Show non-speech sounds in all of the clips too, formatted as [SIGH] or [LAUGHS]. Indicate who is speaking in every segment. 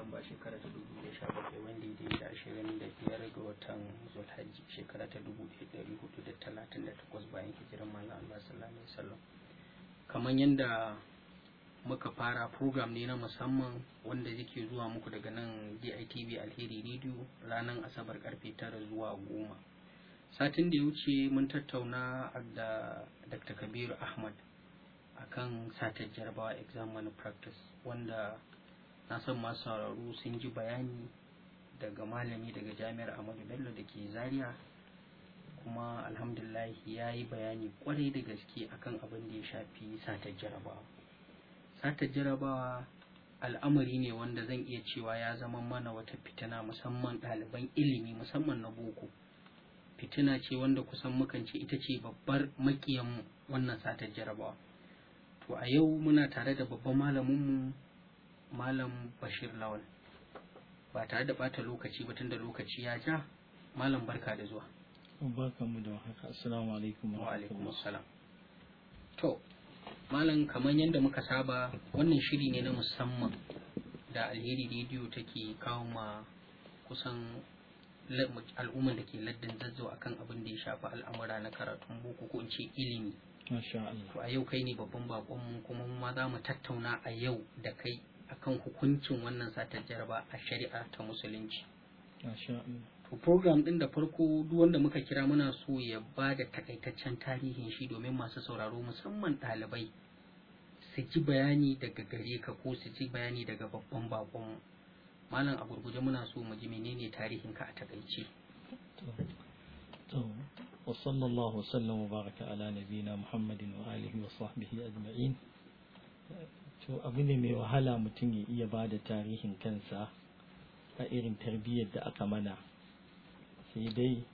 Speaker 1: Disamba shekara ta dubu da sha bakwai wanda ya daidai ashirin da biyar ga watan Zulhajji shekara ta dubu ɗaya ɗari hudu da talatin da takwas bayan hijiran Malam Allah sallallahu alaihi wasallam. Kamar yadda muka fara program ne na musamman wanda yake zuwa muku daga nan DITV Alheri Radio ranar Asabar karfe tara zuwa goma. Satin da ya wuce mun tattauna da Dr. Kabiru Ahmad akan satar jarabawa exam practice, wanda na san masu sauraro sun ji bayani daga malami daga jami'ar Ahmadu Bello da ke Zaria kuma alhamdulillah ya yi bayani kwarai da gaske akan abin da ya shafi satar jarabawa satar jarabawa al'amari ne wanda zan iya cewa ya zama mana wata fitina musamman ɗaliban ilimi musamman na boko fitina ce wanda kusan mukan ce ita ce babbar makiyan wannan satar jarabawa to a yau muna tare da babban malaminmu malam bashir lawal ba tare da bata lokaci ba tunda lokaci ya ja malam barka da zuwa
Speaker 2: mu da haka assalamu alaikum wa alaikum
Speaker 1: assalam to malam kamar yadda muka saba wannan shiri ne na musamman da alheri rediyo take kawo ma kusan al'umman da ke laddin zazzau akan abin da ya shafi al'amura na karatun boko ko in ce ilimi to a yau kai ne babban bakon mu kuma ma za mu tattauna a yau da kai akan hukuncin wannan satar jaraba a shari'a ta musulunci to program din da farko duk wanda muka kira muna so ya ba da takaitaccen tarihin shi domin masu sauraro musamman ɗalibai su ji bayani daga gare ka ko su ji bayani daga babban bakon malam a gurguje muna so mu ji menene tarihin ka a takaice
Speaker 2: وصلى الله وسلم وبارك على نبينا محمد وآله وصحبه أجمعين to abu ne mai wahala mutum ya iya ba da tarihin kansa a irin tarbiyyar da aka mana sai dai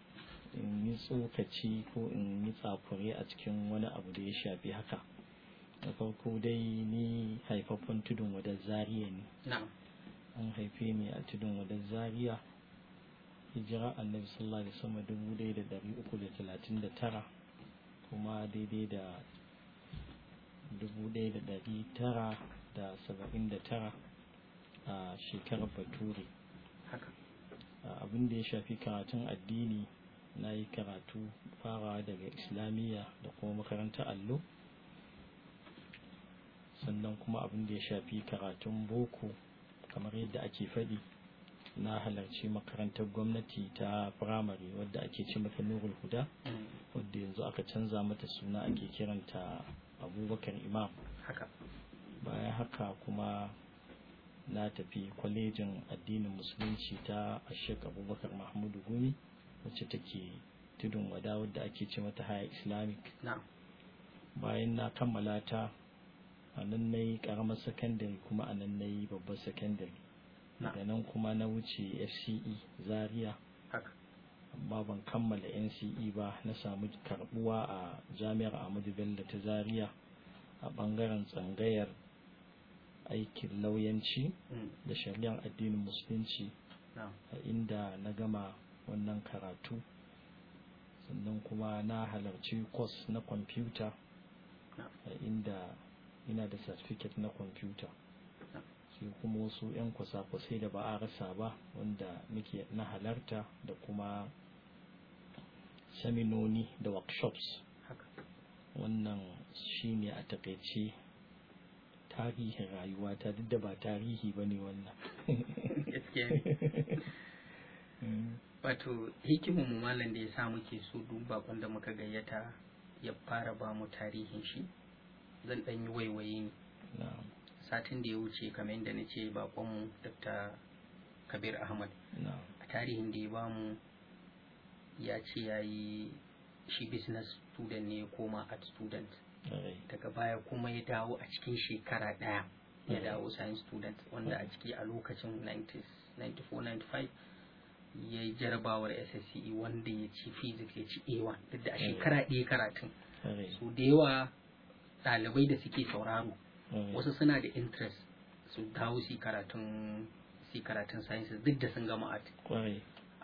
Speaker 2: in yi tsokaci ko in yi tsakure a cikin wani abu da ya shafi haka da farko dai ni haifaffen tudun wadar zariya ne an haife ni a tudun wadar zariya hijira annabi sallallahu alaihi wasallam dubu da da talatin da tara kuma daidai da 1979 a shekarar bature abin da ya shafi karatun addini na yi karatu farawa daga islamiyya da kuma makaranta allo sannan kuma abinda ya shafi karatun boko kamar yadda ake faɗi na halarci makarantar gwamnati ta firamare wadda ake ce mata nurul huda mm. wadda yanzu aka canza mata suna ake kiranta abubakar imam haka bayan haka kuma na tafi kwalejin addinin musulunci ta ashek abubakar mahmudu gumi wacce take tudun wada wadda ake ce mata haya islamic bayan na kammala ta a nan na yi karamar sakandare kuma a nan na yi babbar sakandare da nan kuma na wuce fce zaria amma ban kammala NCE ba na samu karbuwa a jami'ar Ahmadu Bello ta Zaria a bangaren tsangayar aikin lauyanci mm. da shari'ar addinin musulunci a inda na gama wannan karatu sannan kuma na halarci kwas na kwamfuta a inda ina da satifiket na kwamfuta sai kuma wasu 'yan kwasa-kwasai da ba a rasa ba wanda muke na halarta da kuma seminoni da workshops wannan shi ne a takaice tarihin rayuwata duk da ba tarihi ba ne wannan mm.
Speaker 1: wato hikimin mu malam da ya sa muke so duk bakon da muka gayyata ya fara ba mu tarihin shi zan ɗan yi waiwaye ne satin da ya wuce kamar yadda na ce bakonmu dr kabir ahmad a tarihin da ya bamu ya ce ya yi shi business student ne ya koma art student daga baya kuma ya dawo a cikin shekara ɗaya ya dawo science student wanda a ciki a lokacin 94-95 ya yi jarabawar SSCE wanda ya ci physics ya ci A1 duk da a shekara ɗaya karatun su da yawa ɗalibai da suke sauraro wasu suna da interest su dawo su karatun su sciences duk da sun gama art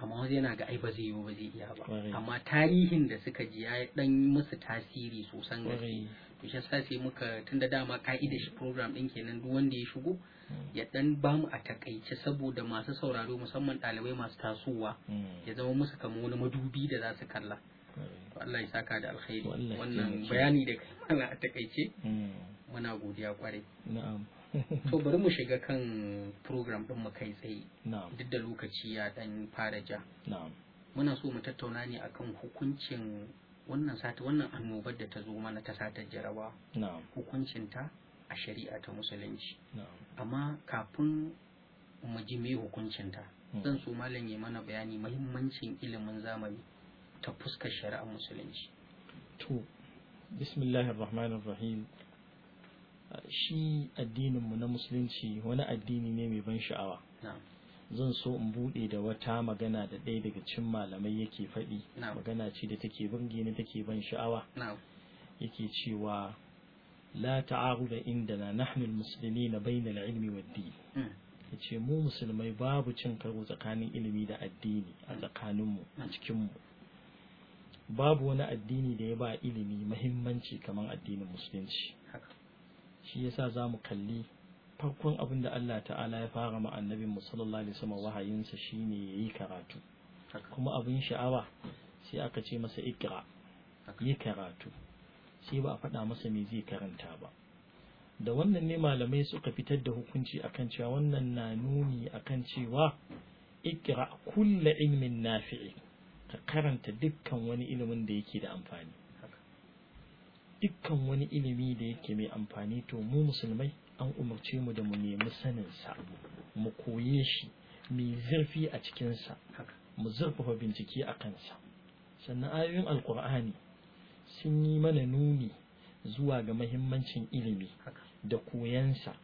Speaker 1: amma wasu yana ga ai ba zai yi ba zai iya ba amma tarihin da suka ji ya dan musu tasiri sosan gaske to shi yasa sai muka tunda dama ka'ida shi program din kenan duk wanda ya shigo hmm. ya dan ba mu a takaice saboda masu sauraro musamman ɗalibai masu tasowa hmm. ya zama musu kamar wani madubi da za su kalla Allah ya saka da alkhairi wannan bayani da kai a takaice hmm. muna godiya kwarai na'am to bari mu shiga kan program ɗin mu kai tsaye duk da lokaci ya ɗan fara ja muna so mu tattauna ne akan hukuncin wannan sati wannan annobar da ta zo mana ta satar jaraba hukuncinta a shari'a ta musulunci amma kafin mu ji me hukuncinta hmm. zan so malam ya mana bayani mahimmancin ilimin zamani ta fuskar shari'ar musulunci
Speaker 2: to bismillahir rahmanir rahim shi addinin mu na musulunci wani addini ne mai ban sha'awa zan so in buɗe da wata magana da ɗaya daga cikin malamai yake faɗi magana ce da take burge ni take ban sha'awa yake cewa la inda indana nahnu na na al-ilmi waddi hmm. yace mu musulmai babu cin karo tsakanin ilimi da addini a hmm. tsakaninmu a hmm. cikinmu babu wani addini da ya ba ilimi mahimmanci kamar addinin musulunci shi yasa za mu kalli farkon abin da Allah ta'ala ya fara ma annabin mu sallallahu alaihi wasallam wahayinsa shine yayi karatu kuma abin sha'awa sai aka ce masa ikra yi karatu sai ba a faɗa masa me zai karanta ba da wannan ne malamai suka fitar da hukunci akan cewa wannan na nuni akan cewa ikira kulla ilmin nafi'i ka karanta dukkan wani ilimin da yake da amfani dukkan wani ilimi da yake mai amfani to mu musulmai an umarce mu da mu nemi sanin sa mu koye shi mai zurfi a cikin cikinsa mu zurfafa bincike a kansa sannan ayoyin alkur'ani sun yi mana nuni zuwa ga mahimmancin ilimi da sa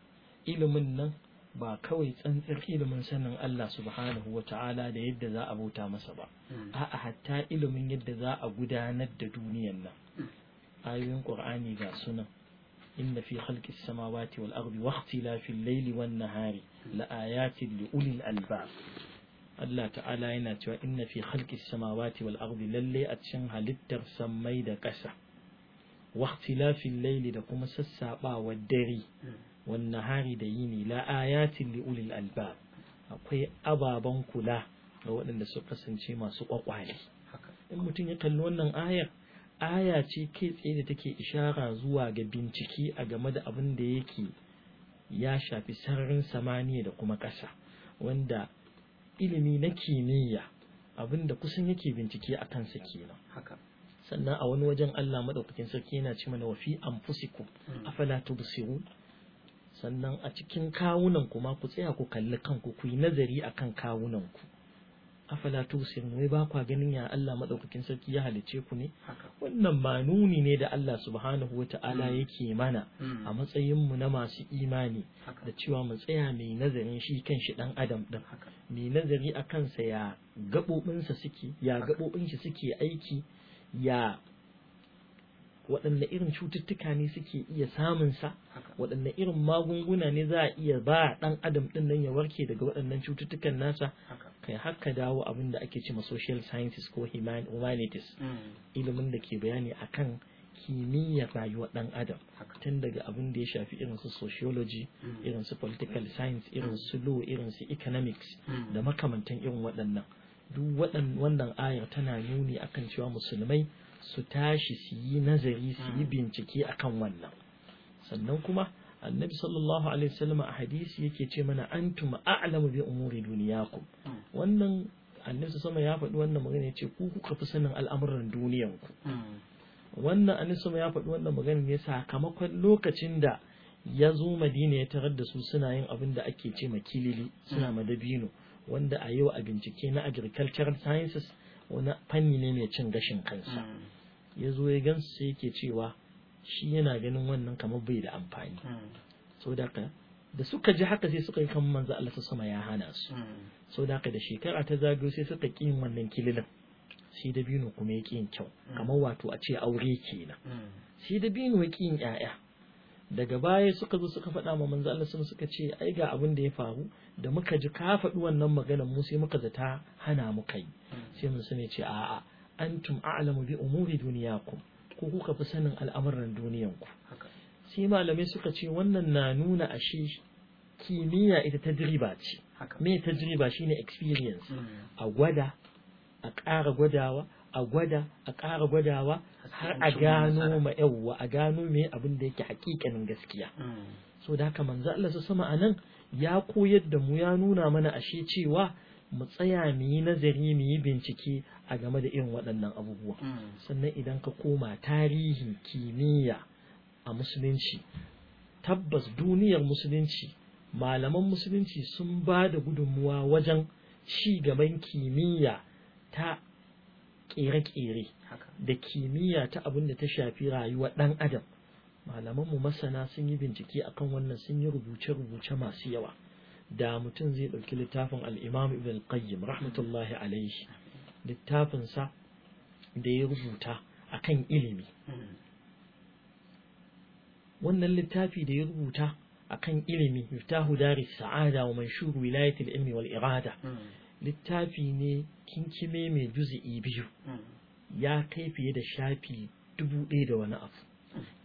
Speaker 2: ilimin nan ba kawai tsantsar ilimin sanin Allah subhanahu wa ta'ala da yadda za a bauta masa ba hmm. a'a hatta ilimin yadda za a gudanar da duniyan nan ayoyin ƙur'ani ga sunan inna fi khalqi samawati wal ardi wa lafin laili wannan nahari la ayatin li ulil albab Allah ta'ala yana cewa inna fi khalqi samawati wal ardi lalle a cikin halittar sammai da ƙasa wa lafin laili da kuma sassabawa dare wannan nahari da yini la ayatin li ulil albab akwai ababen kula ga waɗanda su kasance masu ƙwaƙwali. in mutum ya kalli wannan ayar aya ce kai tsaye da take ishara zuwa ga bincike a game da abin da yake ya shafi sararin samaniya da kuma ƙasa wanda ilimi na kimiyya abin da kusan yake bincike a kansa kenan haka sannan a wani wajen Allah madaukakin sarki yana ce mana wafi anfusikum hmm. afala tubsiru sannan a cikin kawunan ku ma ku tsaya ku kalli kanku ku yi nazari akan kawunan ku afala tusin wai ba kwa ganin ya Allah madaukakin sarki ya halice ku ne wannan ma nuni ne da Allah subhanahu wata'ala mm. yake mana mm. a matsayin mu na masu imani da cewa mu tsaya mai nazarin shi kan shi dan adam din mai nazari a kansa ya sa suke ya gabobin shi suke aiki ya waɗanne irin cututtuka ne suke iya samun sa waɗanne irin magunguna ne za a iya ba dan adam ɗin nan ya warke daga waɗannan cututtukan nasa kai haka dawo abin da ake cewa social sciences ko humanities hmm. ilimin da ke bayani akan kimiyyar rayuwar dan adam tun daga abin da ya shafi irin su sociology hmm. irin su political hmm. science irin su law irin su economics da makamantan irin waɗannan duk wannan ayar tana nuni akan cewa musulmai su tashi su yi nazari su yi bincike akan wannan sannan kuma annabi sallallahu alaihi wasallam a hadisi yake ce mana antum a'lamu bi umuri duniyakum wannan annabi sama ya faɗi wannan magana ya ce ku kuka fi sanin al'amuran duniyanku wannan annabi sama ya faɗi wannan magana ne sakamakon lokacin da ya zo madina ya tarar da su suna yin abin da ake ce ma kilili suna madabino wanda a yau a bincike na agricultural sciences wani fanni ne mai cin gashin kansa mm. ya zo ya gansu sai yake cewa shi yana ganin wannan kamar bai da amfani hmm. so da ka da suka ji haka sai suka yi kan manzo Allah ta sama ya hana su hmm. so da ka da shekara ta zagayo sai suka ƙi wannan kililin shi da binu kuma ya ƙin kyau hmm. kamar wato a ce aure kenan shi da binu ya ƙin ƴaƴa daga baya suka zo suka faɗa ma manzo Allah sun suka ce ai ga abin da ya faru da muka ji ka faɗi wannan maganar mu sai muka zata hana mu kai sai mun sune ce a'a antum a'lamu bi umuri duniyakum ko kuka fi sanin al'amuran ku sai malamai suka ce wannan na nuna ashe kimiyya ita ta direba ce me ta tajriba shine experience mm. a gwada a ƙara gwadawa a gwada a ƙara gwadawa har a gano ma yawwa a gano me abin da yake hakikanin gaskiya mm. so da haka manzo Allah su sama anan ya koyar da mu ya nuna mana ashe cewa mu tsaya mu yi nazari mu yi bincike a game da irin waɗannan abubuwa hmm. sannan idan ka koma tarihin kimiyya a musulunci tabbas duniyar musulunci malaman musulunci sun ba da gudunmuwa wajen ci gaban kimiyya ta ƙere-ƙere da kimiyya ta abin da ta shafi rayuwar ɗan adam malamanmu masana sun yi bincike akan wannan sun yi rubuce-rubuce masu yawa da mutum zai ɗauki littafin al'imam ibn al-qayyim rahmatullahi alaihi littafinsa da ya rubuta akan ilimi wannan littafi da ya rubuta akan ilimi miftahu dari sa'ada wa manshuru wilayat ilmi wal irada littafi ne kinkime mai juzi'i biyu mm. ya kai fiye da shafi dubu ɗaya da wani abu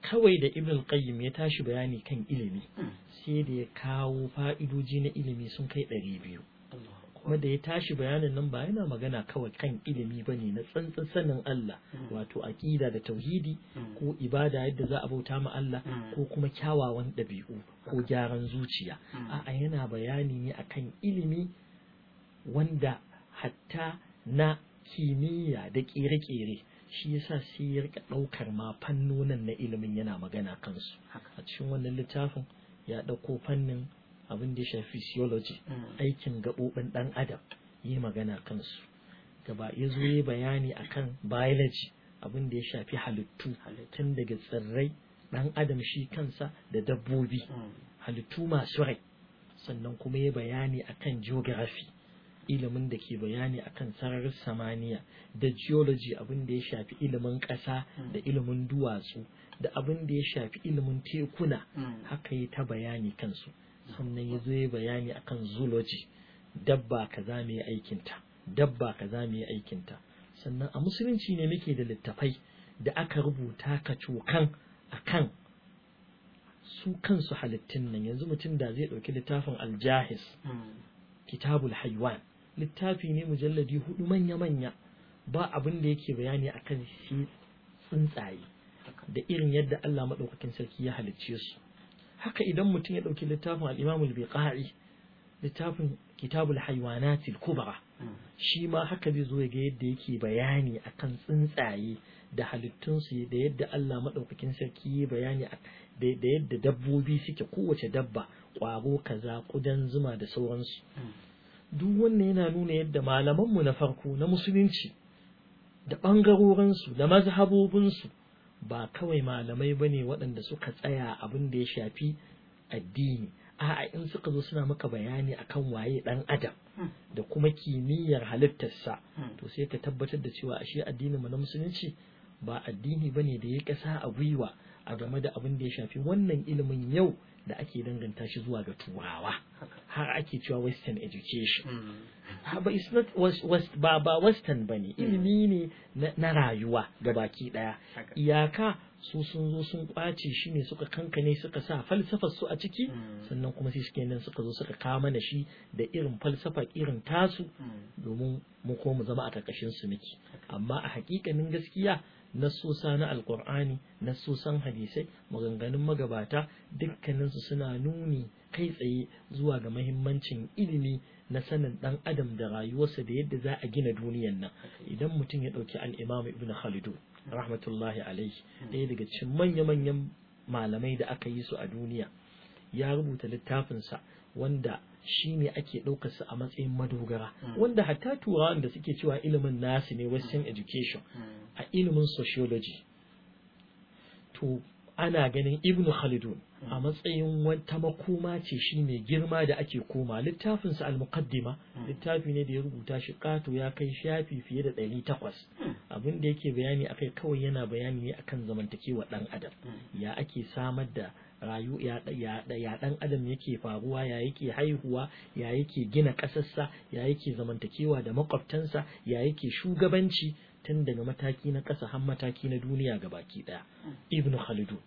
Speaker 2: kawai da ibn qayyim ya tashi bayani kan ilimi hmm. sai da ya kawo fa'idoji na ilimi sun kai ɗari biyu kuma da ya tashi bayanin nan ba yana magana kawai kan ilimi ba ne na tsantsan sanin Allah hmm. wato aƙida da tauhidi hmm. ko ibada yadda za a bauta ma Allah ko kuma kyawawan ɗabi'u ko gyaran zuciya a'a yana bayani ne akan ilimi wanda hatta na kimiyya da ƙere-ƙere shi yasa sai ya rika ɗaukar ma fannonin na ilimin yana magana kansu a cikin wannan littafin ya dauko fannin abin da ya shafi physiology mm. aikin gaɓoɓin ɗan adam yi magana kansu gaba ya zo ya bayani akan biology abin da ya shafi halittu tun daga tsirrai ɗan adam shi kansa da dabbobi mm. halittu masu rai sannan kuma ya bayani akan geography ilimin da ke bayani akan sararin samaniya da geology abin da ya shafi ilimin ƙasa da hmm. ilimin duwatsu da abin da ya shafi ilimin tekuna hmm. haka yi ta bayani kansu hmm. sannan ya zo ya bayani akan zoology dabba ka za mu yi aikinta dabba ka za mu yi aikinta sannan a musulunci ne muke da littafai da aka rubuta ka cokan kan su kansu halittun nan yanzu mutum da zai ɗauki littafin aljahis kitabul haiwan littafi ne mujalladi hudu manya-manya ba abin da yake bayani akan shi tsuntsaye da irin yadda Allah maɗaukakin sarki ya halicce su haka idan mutum ya ɗauki littafin al bai biqa'i littafin kitabul haywanatil kubra shi ma haka zai zo ga yadda yake bayani akan tsuntsaye da halittunsu da yadda Allah maɗaukakin sarki ya bayani da yadda dabbobi suke kowace dabba ƙwaro kaza ƙudan zuma da sauransu duk wannan yana nuna yadda malamanmu na farko na musulunci da ɓangarorinsu da mazhabobinsu ba kawai malamai bane waɗanda suka tsaya abin da ya shafi addini a'a in suka zo suna maka bayani akan waye ɗan adam hmm. da kuma kimiyyar halittarsa hmm. to sai ka tabbatar da cewa ashe addinin mu na musulunci ba addini bane da ya ƙasa a gwiwa a game da abin da ya shafi wannan ilimin yau da ake danganta shi zuwa ga turawa har ake cewa western education mm. ah, ba ba western bane mm. ilimi ne na rayuwa ga baki daya iyaka su sun zo sun kwace shi ne suka kankane suka sa falsafar su a ciki mm. sannan kuma sai suke nan suka zo suka kama da shi da irin falsafa irin tasu domin mu koma zama a karkashin su miki amma a hakikanin gaskiya nasusa na alkur'ani nasusan hadisai maganganun magabata dukkaninsu suna nuni kai tsaye zuwa ga mahimmancin ilimi na sanin dan adam da rayuwarsa da yadda za a gina duniyar nan idan mutum ya ɗauki al'imamu ibn khalidu rahmatullahi alaihi ɗaya daga cikin manya-manyan malamai da aka yi su a duniya ya rubuta littafinsa wanda shi ne ake ɗaukarsa a matsayin madogara hmm. wanda hatta turawan da suke cewa ilimin nasu ne western hmm. education hmm. a ilimin sociology to ana ganin ibnu khalidun a matsayin wata makoma ce shi mai girma da ake koma littafinsa al-muqaddima littafi ne da ya rubuta shi kato ya kai shafi fiye da ɗari takwas abin da yake bayani akai kawai yana bayani ne akan zamantakewa ɗan adam ya ake samar da rayu ya dan adam yake faruwa ya yake haihuwa ya yake gina kasarsa ya yake zamantakewa da makwabtansa ya yake shugabanci tun daga mataki na kasa har mataki na duniya ga baki ɗaya ibn khaldun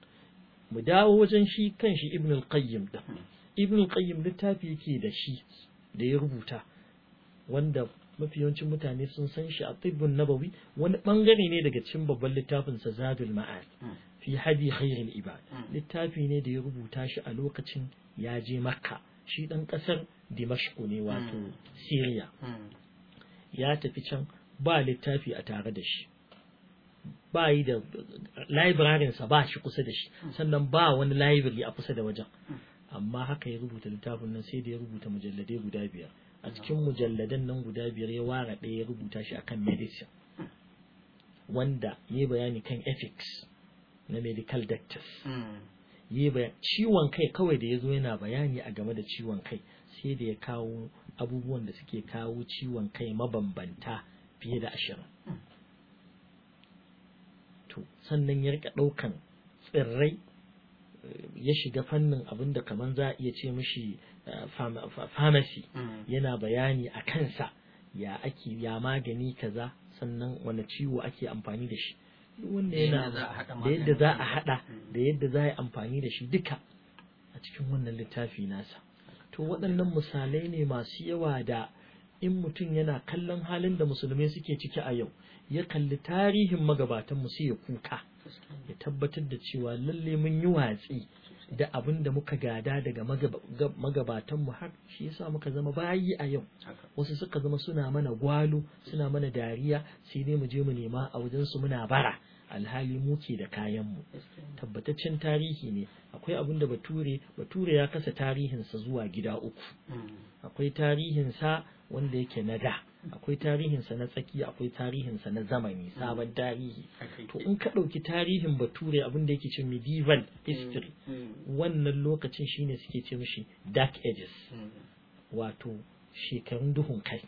Speaker 2: mu dawo wajen shi kan shi ibn al-qayyim da hmm. ibn al-qayyim littafi yake da shi da ya rubuta wanda mafi yawancin mutane sun san shi a tibbun nabawi wani bangare ne daga cikin babban littafin sa zadul ma'ad hmm. fi hadi khairil ibad hmm. littafi ne da ya rubuta shi a lokacin ya je makka shi dan kasar dimashku ne wato hmm. syria hmm. ya tafi can ba littafi a tare da shi ba yi da sa ba shi kusa da shi sannan ba wani library a kusa da wajen amma haka ya rubuta littafin nan sai da ya rubuta mujalladai guda biyar a cikin mujalladan nan guda biyar ya ware ɗaya ya rubuta shi akan medicine wanda ya bayani kan ethics na medical doctors hmm. yi ciwon kai kawai da ya zo yana bayani a game da ciwon kai sai da ya kawo abubuwan da suke kawo ciwon kai mabambanta fiye da ashirin hmm. to sannan ya rika ɗaukan tsirrai ya shiga fannin abin da kamar za a iya ce mishi eh, famasi hmm. yana bayani a kansa ya ake ya magani kaza sannan wani ciwo ake amfani da shi
Speaker 1: da yadda za a
Speaker 2: haɗa da yadda za a yi amfani da shi duka a cikin wannan littafi nasa to waɗannan misalai ne masu yawa da in mutum yana kallon halin da musulmi suke ciki a yau ya kalli tarihin magabatan musu ya kuka ya tabbatar da cewa lalle mun yi watsi da abin da muka gada daga magabatan mu har shi yasa muka zama bayi a yau wasu suka zama suna mana gwalo suna mana dariya sai dai mu je mu nema a wajen su muna bara alhali mu ke da mu tabbataccen tarihi ne akwai abin da bature bature ya kasa tarihinsa zuwa gida uku hmm. akwai tarihinsa wanda yake na da akwai tarihinsa na tsaki akwai tarihinsa na zamani hmm. sabon tarihi to in ka ɗauki tarihin bature abin da yake ce medieval hmm. history wannan lokacin shine suke ce mishi dark ages wato shekarun duhun kai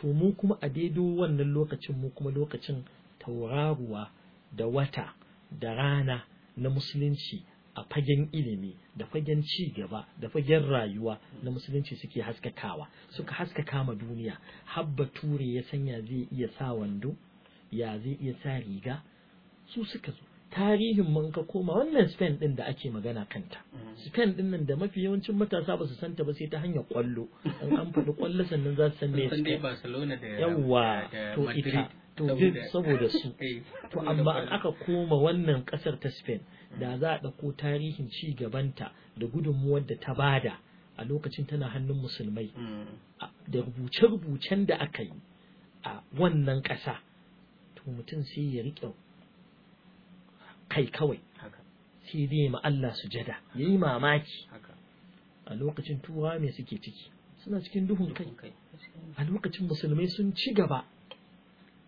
Speaker 2: to mu kuma a daidai wannan lokacin mu kuma lokacin tauraruwa da wata da rana na musulunci a fagen ilimi da fagen ci gaba da fagen rayuwa na musulunci suke haskakawa suka haskaka ma duniya habba ture ya sanya zai iya sa wando ya zai iya sa riga su suka zo tarihin man koma wannan Spain din da ake magana kanta mm. Spain din nan da mafi yawancin matasa ba su santa ba sai ta hanyar kwallo an faɗi kwallo sannan za su san me su
Speaker 1: Barcelona da to ita to saboda su
Speaker 2: [LAUGHS] eh, to amma in aka koma wannan kasar ta Spain da za a ɗauko tarihin ci gabanta da gudunmuwar da ta bada a lokacin tana hannun musulmai hmm. da rubuce-rubucen da aka yi a wannan ƙasa to mutum sai ya riƙe kai kawai sai zai ma Allah sujada ya yi mamaki a lokacin tuwa me suke ciki suna cikin duhun kai a lokacin musulmai sun ci gaba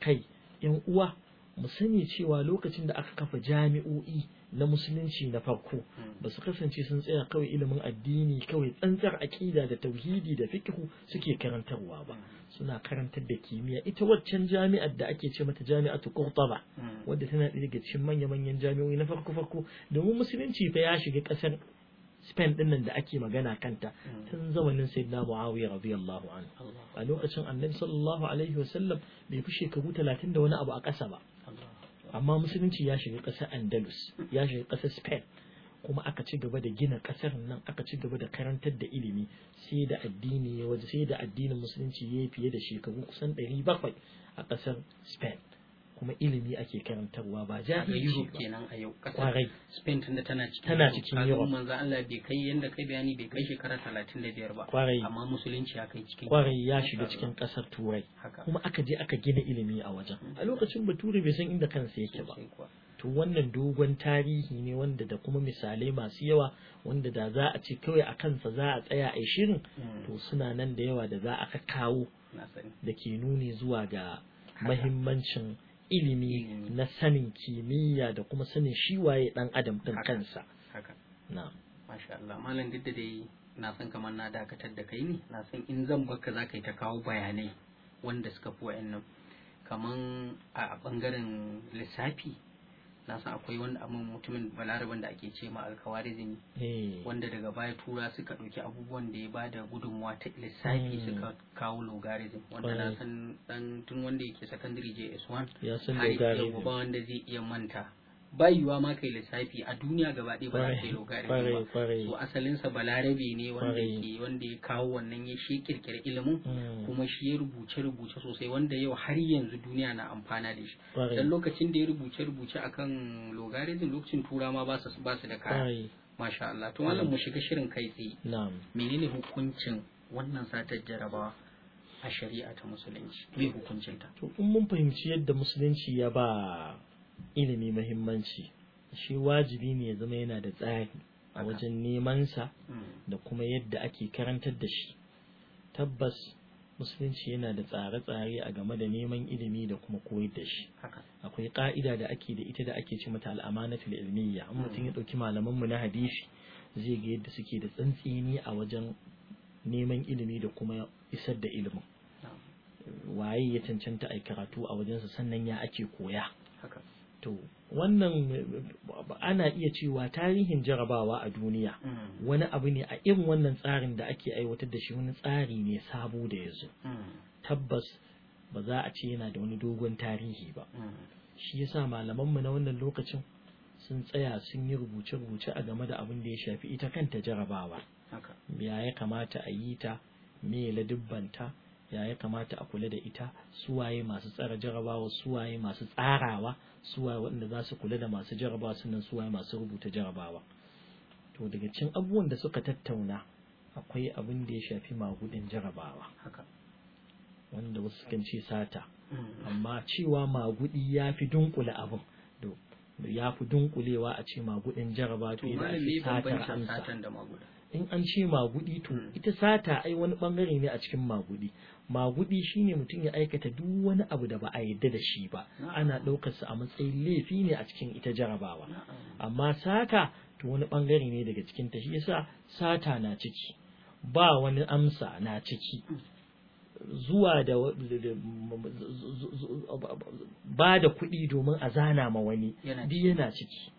Speaker 2: kai yan uwa mu sani cewa lokacin da aka kafa jami'o'i na musulunci na farko hmm. ba su kasance sun tsaya kawai ilimin addini kawai tsantsar aƙida da tauhidi da fikihu suke karantarwa ba hmm. suna karantar da kimiyya ita waccan jami'ar da ake ce mata jami'atu qurtaba hmm. wadda tana ɗaya daga cikin manya-manyan jami'o'i na farko farko domin musulunci fa ya shiga ƙasar spain din nan da ake magana kanta mm. tun zamanin sayyidina muawiya radiyallahu anhu a lokacin annabi sallallahu alaihi sallam bai fi shekaru talatin da wani abu a ƙasa ba amma musulunci ya shiga ƙasar andalus ya shiga ƙasar spain kuma aka ci gaba da gina ƙasar nan aka ci gaba da karantar da ilimi sai da addini sai da addinin musulunci ya fiye da shekaru kusan ɗari bakwai a ƙasar spain kuma ilimi ake karantarwa ba ja jahilci ba
Speaker 1: kenan a yau kwarai Spain tunda tana cikin tana cikin Europe manzo Allah bai kai yanda kai bayani bai kai shekara 35 ba kwarai amma musulunci ya kai
Speaker 2: cikin kwarai ya shiga cikin kasar Turai kuma aka je aka gina ilimi a wajen a lokacin Bature bai san inda kansa yake ba to wannan dogon tarihi ne wanda da kuma misalai masu yawa wanda da za a ce kawai a kansa za a tsaya a shirin mm. to suna nan da yawa da za a kawo da ke nuni zuwa ga mahimmancin ilimi na sanin kimiyya da kuma sanin shi waye dan adam din kansa haka na
Speaker 1: masha Allah malam didda dai na san kamar na dakatar da kai ne na san in zan baka zaka ka yi ta kawo bayanai wanda suka fi wa'annan kaman a bangaren lissafi na san akwai wani abin mutumin balaraban da ake ce ma alkawarizmi eh. wanda daga baya tura suka ɗauki abubuwan da ya ba da gudunmuwa ta lissafi hmm. suka kawo logarithm wanda na san dan tun wanda yake secondary js1 har yau ba wanda zai iya manta bayuwa ma kai lissafi a duniya gaba ɗaya ba za ka yi ba so asalinsa balarabe ne wanda ke wanda ya kawo wannan ya shi kirkira ilimin hmm. kuma shi ya rubuce rubuce sosai wanda yau har yanzu duniya na amfana da shi dan lokacin da ya rubuce rubuce akan din lokacin tura ma ba su ba su da kaya
Speaker 2: masha Allah to malam mu
Speaker 1: shiga shirin kai tsaye menene hukuncin wannan satar jarabawa a shari'a ta musulunci me hukuncinta
Speaker 2: to in mun fahimci yadda musulunci ya ba ilimi muhimmanci shi wajibi ne ya zama yana da tsari a wajen neman sa mm. da kuma yadda ake karantar da shi tabbas musulunci yana da tsare-tsare a game da neman ilimi da kuma koyar da shi akwai ka'ida da ake da ita da ake ci mata al'amanatul ilmiya amma mutum ya mm. ɗauki mu na hadisi zai ga yadda suke da tsantsini a wajen neman ilimi da kuma isar da ilimin waye ya cancanta a karatu a wajensa sannan ya ake koya to wannan ana iya cewa tarihin jarabawa a duniya mm. wani abu ne a irin wannan tsarin da ake aiwatar da shi wani tsari ne sabo da ya mm. tabbas ba za a ce yana da wani dogon tarihi ba mm. shi yasa malamanmu na wannan lokacin sun tsaya sun yi rubuce-rubuce a game da abin da ya shafi ita kanta jarabawa ya ya kamata a yi ta me ladubbanta ya ya kamata a kula da ita su waye masu tsara jarabawa waye masu tsarawa su waye waɗanda za su kula da masu jarabawa su waye masu rubuta jarabawa to daga cikin abubuwan da suka tattauna akwai abin da ya shafi magudin jarabawa wanda wasu kan ce sata mm. amma cewa magudi ya fi dunkula abin ya fi dunkulewa a ce magudin jarabawa to ya fi satar amsa in an ce magudi to hmm. ita sata ai wani bangare ne a cikin magudi magudi shine mutum ya aikata duk wani abu da ba a yadda da shi ba ana ɗaukar sa a matsayin laifi ne a cikin ita jarabawa amma sata to wani bangare ne daga cikin ta shi yasa sata na ciki ba wani amsa na ciki zuwa da ba da kuɗi domin a zana ma wani duk yana ciki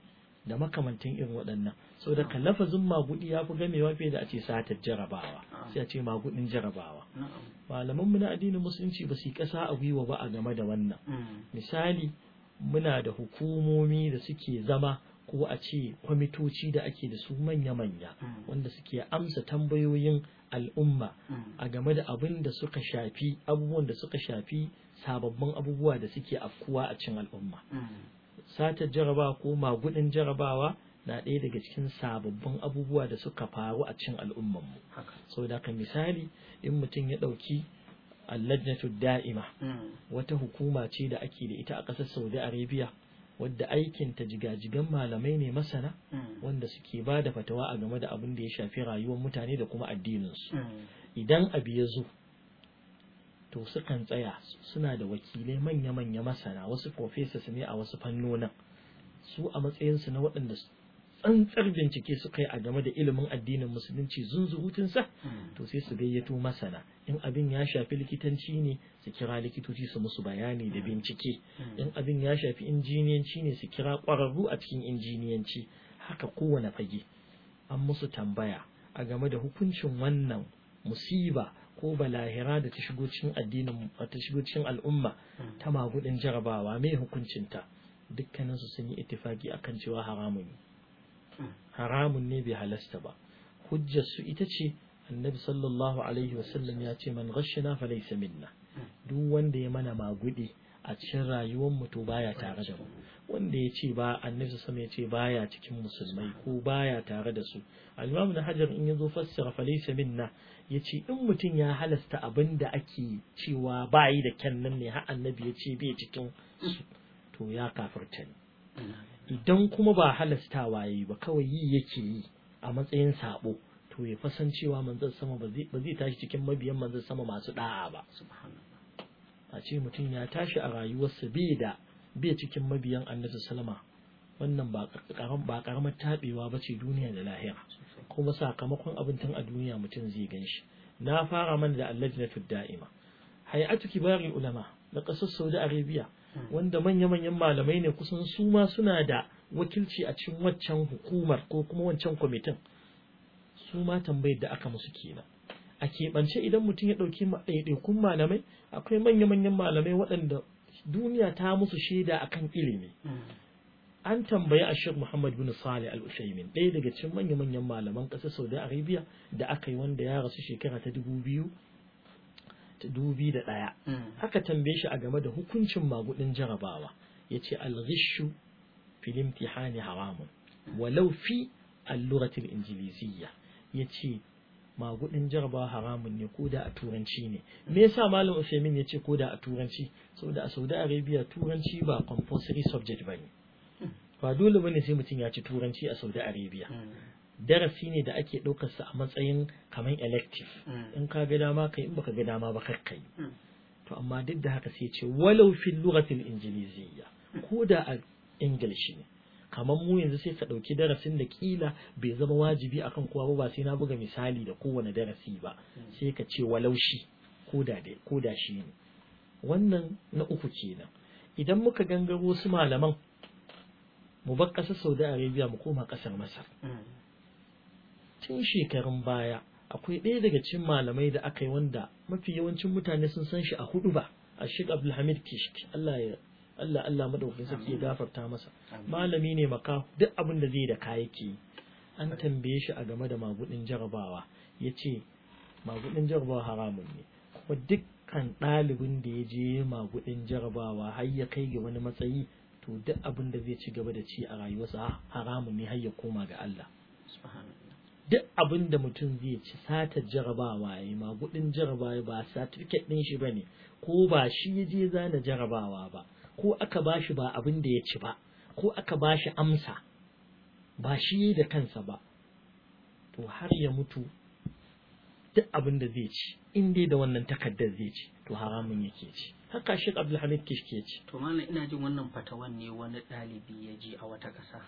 Speaker 2: da makamantan irin waɗannan Sau ka lafazin magudi ya fi gamewa fiye da a ce satar jarabawa sai a ce magudin jarabawa malaman mu na addinin musulunci ba su yi ƙasa a gwiwa ba a game da wannan mm. misali muna da hukumomi da suke zama ko a ce kwamitoci da ake da su manya-manya mm. wanda suke amsa tambayoyin al'umma mm. a game da abin da suka shafi abubuwan da suka shafi sababbin abubuwa da suke afkuwa a cin al'umma sata jaraba ko magudin jarabawa na ɗaya daga cikin sababbin abubuwa da suka faru a cikin al'ummanmu saboda haka misali in mutum ya ɗauki allajnatu da'ima hmm. wata hukuma ce da ake da ita a ƙasar saudi arabia wadda aikinta jigajigan malamai ne masana hmm. wanda suke ba da fatawa a game da abin da ya shafi rayuwar mutane da kuma addininsu hmm. idan abu ya zo to sukan tsaya suna da wakilai manya-manya masana wasu professors ne a wasu fannonin su a matsayinsu na waɗanda tsantsar bincike suka yi a game da ilimin addinin musulunci zunzurutunsa hmm. to sai su gayyato masana in abin ya shafi likitanci ne su kira likitoci su musu bayani da hmm. bincike hmm. in abin ya shafi injiniyanci ne su kira ƙwararru a cikin injiniyanci haka kowane fage an musu tambaya a game da hukuncin wannan musiba ko balahira da ta shigo cikin addinin ta shigo cikin al'umma hmm. ta magudin jarabawa mai hukuncinta dukkanin su sun yi ittifaki akan cewa haramun ne hmm. haramun ne bai halasta ba hujjar su ita ce annabi sallallahu alaihi wasallam ya ce man ghashina falaysa minna hmm. duk wanda ya mana magudi a cikin rayuwar mu to baya tare da mu wanda ya ce ba annabi sama ya ce baya cikin musulmai ko baya tare da su al-imam hajar in yazo fassara fa laysa minna yace in mutum ya halasta abin da ake cewa bayi da kyan ne har annabi ya ce bai cikin su to ya kafirta ne idan kuma ba halastawa yi ba kawai yi yake yi a matsayin sabo to ya fasan cewa manzon sama ba zai tashi cikin mabiyan manzon sama masu da'a ba a ce mutum ya tashi a rayuwarsa bai da Biya cikin mabiyan annabi sallama wannan ba karamar taɓewa ba ce duniya da lahira kuma sakamakon abin tun a duniya mutum zai ganshi. na fara mana da allajnatu da'ima hay'atu kibari ulama da ƙasar saudi arabia wanda manya-manyan malamai ne kusan su ma suna da wakilci a cikin waccan hukumar ko kuma waccan kwamitin su ma tambayar da aka musu kenan a keɓance idan mutum ya ɗauki ɗaiɗaikun malamai akwai manya-manyan malamai waɗanda duniya ta musu shaida akan ilimi an tambayi a Sheikh Muhammad bin Salih Al-Uthaymin ɗaya daga cikin manya manyan malaman ƙasar Saudi Arabia da aka yi wanda ya rasu shekara ta dubu biyu ta da ɗaya mm. aka tambaye shi a game da hukuncin magudin jarabawa ya ce alghishu fil imtihani haramun walau fi alluratil injiliziyya ya ce magudin jarabawa haramun ne ko da a turanci ne me yasa malam Usaimin ya ce ko a turanci saboda a Saudi Arabia turanci ba compulsory subject bane ba dole bane sai mutum ya ci turanci a Saudi Arabia hmm. darasi ne da ake ɗaukar sa a matsayin kamar elective hmm. in ka ga dama kai in baka ga dama ba kar kai hmm. to amma duk da haka sai ya ce walau fil lughatil injiliziyya ko da a ingilishi kamar mu yanzu sai ka ɗauki darasin da ƙila bai zama wajibi akan kowa ba sai na buga misali da kowane darasi ba mm. sai ka ce walaushi ko da shi ne wannan na uku kenan idan muka gangaro su malaman mu bar ƙasar saudi arabia mu koma ƙasar masar mm. tun shekarun baya akwai ɗaya daga cikin malamai da aka yi wanda mafi yawancin mutane sun san shi a hudu ba a shiga abdulhamid kishki allah ya Allah Allah madaukakin sarki ya gafarta masa malami ne maka duk abin da zai da kayake an tambaye shi a game da magudin jarabawa yace magudin jarabawa haramun ne kuma dukkan ɗalibin da ya je magudin jarabawa har ya kai ga wani matsayi to duk abin da zai ci gaba da ci a rayuwarsa haramun ne har ya koma ga Allah duk abin da mutum zai ci sata jarabawa ya magudin jarabawa ba certificate ɗin shi bane ko ba shi ya je zana jarabawa ba ko aka ba shi ba abin da ya ci ba ko aka ba shi amsa ba shi da kansa ba to har ya mutu duk abin da zai ci in dai da wannan takardar zai ci to haramun yake ci haka shi abdulhamid kish ke ci
Speaker 1: to malam ina jin wannan fatawan ne wani ɗalibi ya je a wata ƙasa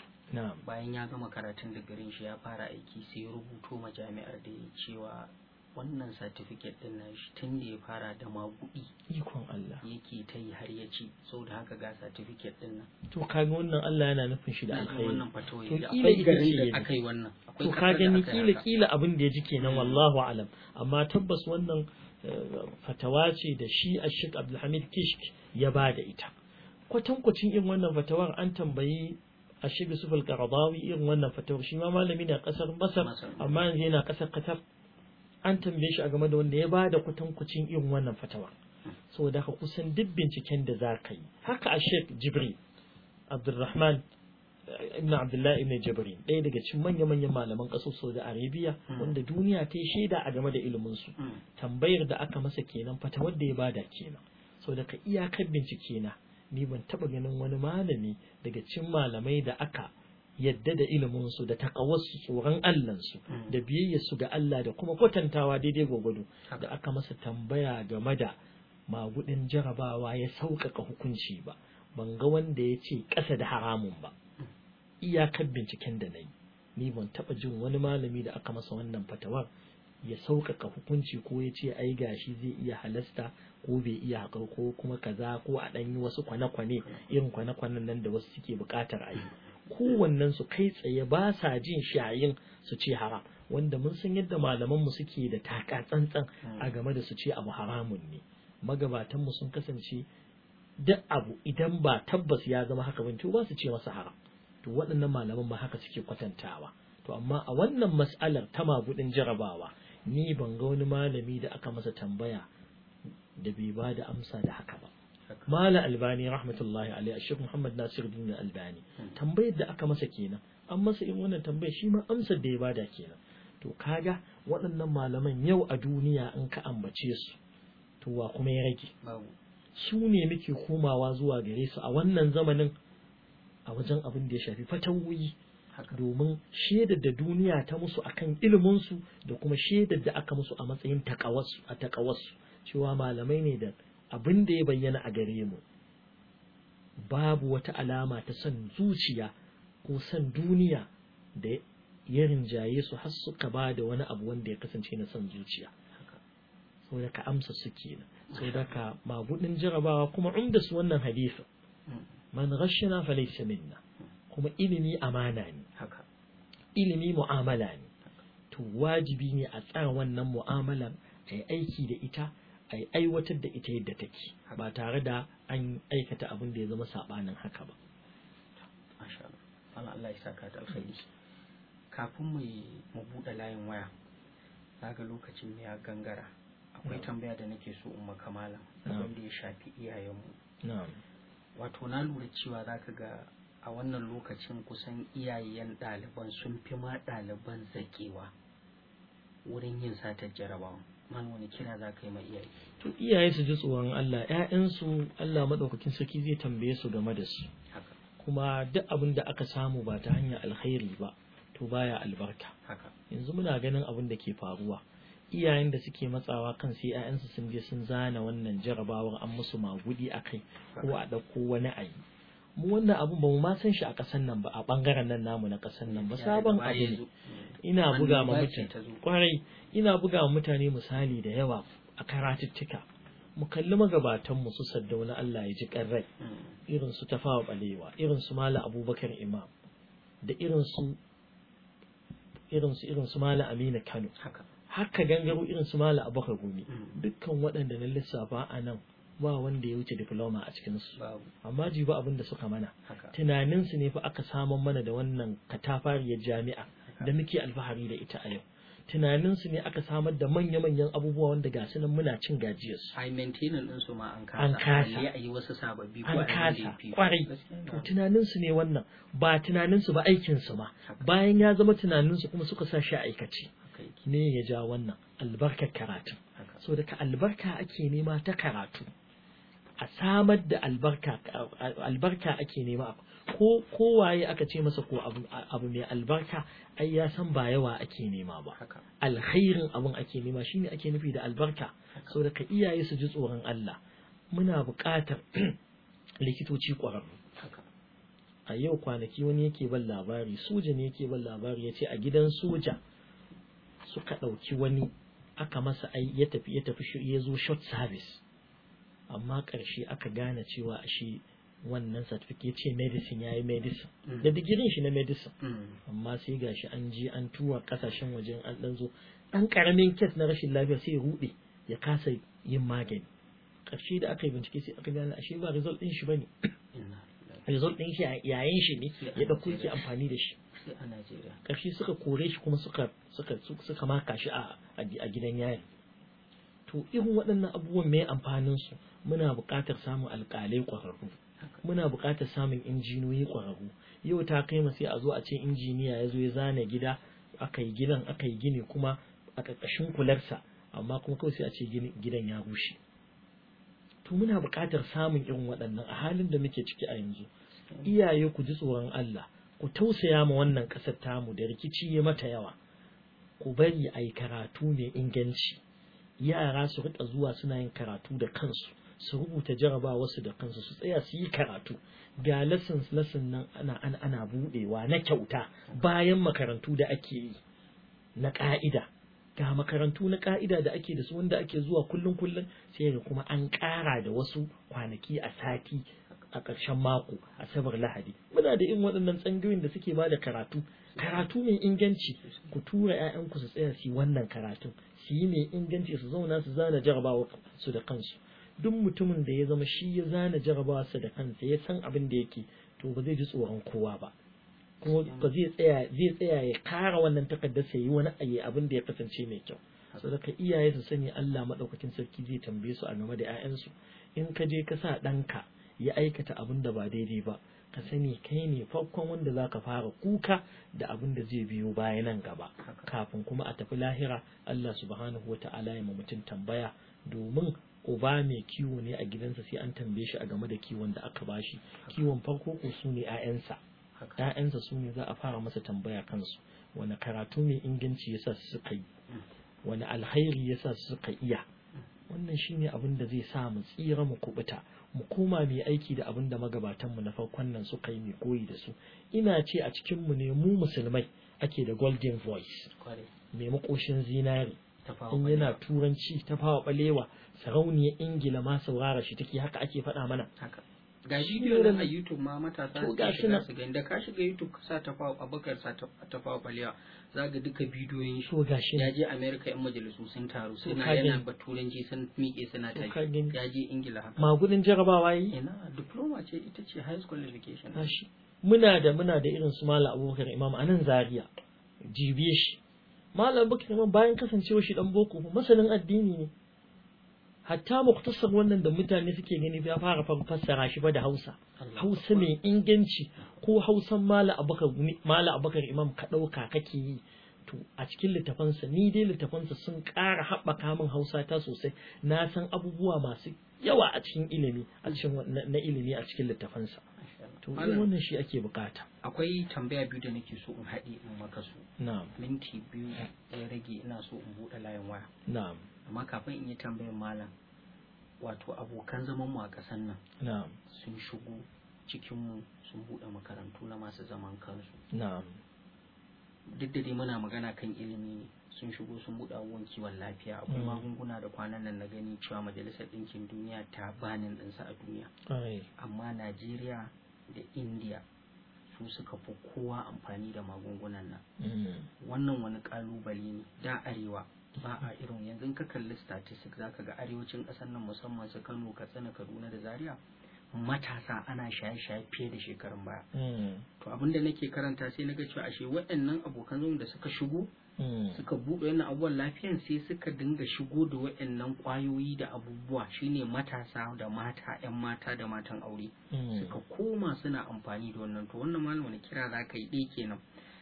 Speaker 1: bayan ya gama karatun digirin shi ya fara aiki sai ya rubuto ma jami'ar da ya cewa wannan certificate din na shi tun da ya fara da kuɗi. ikon Allah yake ta yi har ya ci saboda haka ga certificate
Speaker 2: din nan to kaga wannan Allah yana nufin shi da alkhairi wannan fatawa to kila gari da akai wannan to ka gani kila kila abin da ya ji kenan hmm. wallahu alam amma tabbas wannan eh, fatawa ce da shi Ashik Abdulhamid Kishk ya ba da ita Kwatan kwacin irin wannan fatawar an tambayi Ashik Yusuf Al-Qaradawi irin wannan fatawar shi ma malami ne a kasar Masar amma yanzu yana kasar Qatar an tambaye shi a game da wanda ya ba da kwatankwacin irin wannan fatawa saboda haka kusan duk binciken da za ka yi haka a shek jibri abdulrahman eh, ibn abdullahi ibn jibrin ɗaya daga cikin manya-manyan malaman ƙasar saudi arabia hmm. wanda duniya ta yi shaida a game da ilimin su hmm. tambayar da aka masa kenan fatawar da ya bada kenan saboda ka iyakar bincike na ni ban taɓa ganin wani malami daga cikin malamai da aka yadda da iliminsu da takawarsu tsoron su mm. da su ga Allah da kuma kwatantawa daidai gwagwado da aka masa tambaya game da magudin jarabawa ya sauƙaƙa hukunci ba ban ga wanda ya ce ƙasa da haramun ba mm. iyakar binciken da na yi ni ban taɓa jin wani malami da aka masa wannan fatawar ya sauƙaƙa hukunci ko ya ce ai gashi zai iya halasta ko bai iya haka ko kuma kaza ko a ɗanyi wasu kwane-kwane mm. irin kwane-kwanen nan da wasu suke buƙatar a yi [LAUGHS]
Speaker 3: kowannen
Speaker 2: su kai tsaye ba sa jin shayin su ce haram wanda mun san yadda malamanmu suke da taka tsantsan a game da su ce abu haramun ne magabatan sun kasance duk abu idan ba tabbas ya zama haka bin to ba su ce masa haram to waɗannan malaman ma haka suke kwatantawa to amma a wannan mas'alar ta mabuɗin jarabawa ni ban ga wani malami da aka masa tambaya da bai ba da amsa da haka ba mala albani rahmatullahi alaihi shek muhammad nasir din albani hmm. tambayar da aka masa kenan an masa in wannan tambayar shi ma amsar da ya bada kenan to kaga waɗannan malaman yau a duniya in ka ambace su to wa kuma ya rage su ne muke komawa zuwa gare su a wannan zamanin a wajen abin da ya shafi fatawoyi domin shaidar da duniya ta musu akan su da kuma shaidar da aka musu a matsayin takawarsu a takawarsu cewa malamai ne da abin da ya bayyana a gare mu babu wata alama ta son zuciya ko san duniya da ya rinjaye su har suka ba da wani abu wanda ya kasance na san zuciya sau da ka amsa su na. sau da ka magudin jarabawa kuma inda su wannan hadisin man rashina falaysa minna kuma ilimi amana ne ilimi mu'amala ne to wajibi ne a tsara wannan mu'amalar a aiki da ita ai aiwatar da ita yadda take ba tare da an aikata abin da ya zama sabanin haka ba Allah ya saka alkhairi kafin mu
Speaker 1: mu buɗe layin waya zaga lokacin ya gangara
Speaker 3: akwai tambaya
Speaker 1: da nake so in maka malam wanda ya shafi iyayenmu wato na lura cewa zaka ga a wannan lokacin kusan iyayen ɗaliban sun fi ma ɗaliban zakewa wurin yin satar jarabawa man za ka yi mai iyaye
Speaker 2: to iyaye su ji tsoron Allah ƴaƴansu Allah madaukakin sarki zai tambaye su game da su kuma duk abin da aka samu ba ta hanyar alkhairi ba to baya albarka yanzu muna ganin abin da ke faruwa iyayen da suke matsawa kan sai ƴaƴansu sun je sun zana wannan jarabawar an musu magudi kai, ko a ɗauko wani ayi mu wannan abun ba mu ma san shi a ƙasar nan ba a ɓangaren nan namu na ƙasar nan ba sabon abu ne ina buga ma mutane kwarai ina buga ma mutane misali da yawa a karatuttuka mu kalli magabatan mu su wani Allah ya ji karrai hmm. irin su tafawa balewa irin su mala abubakar imam da irin su irin su irin su mala amina kano haka gangaro irin su mala abubakar gumi hmm. dukkan waɗanda na lissafa a nan ba wanda ya wuce diploma a cikin su amma jibi abin da suka mana tunanin ne fa aka samun mana da wannan katafariyar jami'a da muke alfahari da ita a yau tunanin ne aka samar da manya-manyan abubuwa wanda ga nan muna cin gajiyarsu. su ai din ma an kasa an
Speaker 1: yi wasu sababbi an kasa kwarai
Speaker 2: to tunanin ne wannan ba tunaninsu ba aikin su ba bayan ya zama tunaninsu kuma suka sa shi aikace ne ya ja wannan albarkar karatu so ka albarka ake nema ta karatu a samar da albarka albarka ake nema ko kowaye aka ce masa ko abu mai albarka ai ya san ba yawa ake nema ba alkhairin abun ake nema shine ake nufi da albarka saboda iyaye su ji tsoron Allah muna buƙatar [CLEARS THROAT] likitoci ƙwararru a yau kwanaki wani yake ban labari soja ne yake ban labari ya ce a gidan soja suka ɗauki wani aka masa ai ya tafi ya tafi ya zo short service amma ƙarshe aka gane cewa ashe wannan certificate ce medicine ya yi medicine mm. da digirin shi na medicine mm. amma sai gashi an ji an tuwa kasashen wajen an ɗan zo ɗan ƙaramin kes na rashin lafiya sai ya ruɗe ya kasa yin magani ƙarshe da aka yi bincike sai aka gane ashe ba result ɗin shi ne
Speaker 3: [COUGHS] result
Speaker 2: ɗin shi yayin shi ne ya ɗauko yake amfani da shi ƙarshe suka kore shi kuma suka maka shi a gidan yari to irin waɗannan abubuwan mai amfanin su muna buƙatar samun alƙalai ƙwararru muna buƙatar samun injiniyoyi ƙwararru yau ta kai sai a zo a ce injiniya ya zo ya zana gida aka yi gidan aka yi gini kuma a ƙarƙashin kularsa amma kuma kawai sai a ce gidan ya rushe to muna buƙatar samun irin waɗannan a halin da muke ciki a yanzu iyaye ku ji tsoron Allah ku tausaya ma wannan ƙasar tamu da rikici ya mata yawa ku bari a yi karatu mai inganci yara su riƙa zuwa suna yin karatu da kansu su rubuta jaraba wasu da kansu su tsaya su yi karatu ga lessons lesson nan ana ana, ana budewa na kyauta bayan makarantu da ake yi na ƙa'ida. ga makarantu na ƙa'ida da ake da su wanda ake zuwa kullun kullum sai da kuma an ƙara da wasu kwanaki a sati a ƙarshen mako asabar lahadi muna da irin waɗannan tsangayoyin da suke ba da karatu karatu mai inganci ku tura 'ya'yanku su tsaya su wannan karatu su yi mai inganci su zauna su zana jarabawa su da kansu duk mutumin da ya zama shi ya zana jarabawa su da kansa ya san abin da yake to ba zai ji tsoron kowa ba kuma ba zai tsaya ya kara wannan takardar sai yi wani ayi abin da ya kasance mai kyau sadaka iyaye su sani Allah maɗaukacin sarki zai tambaye su a game da 'ya'yansu in ka je ka sa ɗanka ya aikata abin da ba daidai ba ka sani kai ne farkon wanda za ka fara kuka da abin da zai biyo baya nan gaba kafin kuma a tafi lahira Allah subhanahu wa ta'ala ya mutum tambaya domin uba mai kiwo ne a gidansa sai an tambaye shi a game da kiwon da aka bashi kiwon farko ko su ne 'ya'yansa 'ya'yansa su ne za a fara masa tambaya kansu wani karatu mai inganci yasa su suka yi wani alhairi yasa su suka iya wannan shine abin da zai sa mu tsira mu kubuta mu koma mai aiki da abin da magabatanmu na farkon nan suka yi mai koyi da su ina ce a cikin mu ne mu musulmai ake da golden voice mai makoshin zinari in yana turanci ta fawa balewa sarauniyar ingila ma saurara shi take haka ake faɗa mana ga bidiyo nan a
Speaker 1: YouTube ma matasa su ga shi su ga inda ka shiga YouTube ka sa ta tafawa abakar sa tafawa balewa za ga duka
Speaker 2: bidiyoyin shi ga shi ya je
Speaker 1: America yan majalisu sun taru na yana ba turanci sun miƙe suna tashi ya je Ingila haka
Speaker 2: ma gudun jarabawa yi
Speaker 1: ina diploma ce ita ce high school education
Speaker 2: shi muna da muna da irin su Malam Abubakar Imam anan Zaria jibe shi Malam Abubakar Imam bayan kasancewa shi dan boko masanin addini ne hatta muktasar wannan da mutane suke gani ya fara fassara shi ba da hausa hausa mai inganci ko hausan mala abakar mala abakar imam ka ɗauka kake yi to a cikin littafansa ni dai littafansa sun ƙara haɓaka min hausa ta sosai na san abubuwa masu yawa a cikin ilimi a cikin na ilimi a cikin littafansa to wannan shi ake bukata
Speaker 1: akwai tambaya biyu da nake so in haɗe in maka su na'am minti biyu ya rage ina so in buɗe layin waya na'am amma kafin in yi tambayin malam wato abokan zaman mu a kasan nan sun shigo cikin mu sun bude makarantu na masu zaman kansu duk da dai muna magana kan ilimi sun shigo sun bude abubuwan kiwon lafiya akwai mm. magunguna da kwanan nan na gani cewa majalisar ɗinkin duniya ta banin ɗinsa a duniya amma najeriya da indiya su suka fi kowa amfani da magungunan nan
Speaker 3: mm.
Speaker 1: wannan wani ƙalubale ne da arewa ba a irin yanzu ka kalli statistics zaka ga arewacin ƙasar nan musamman su Kano Katsina Kaduna da Zaria matasa ana shaye-shaye fiye da shekarun baya hmm. to da nake karanta sai na ga cewa ashe waɗannan abokan zuwa da suka shigo hmm. suka buɗe wannan abubuwan lafiyan sai suka dinga shigo da waɗannan ƙwayoyi da abubuwa shine matasa da mata 'yan mata da matan aure hmm. suka koma suna amfani da wannan to wannan malam kira za ka yi ɗaya kenan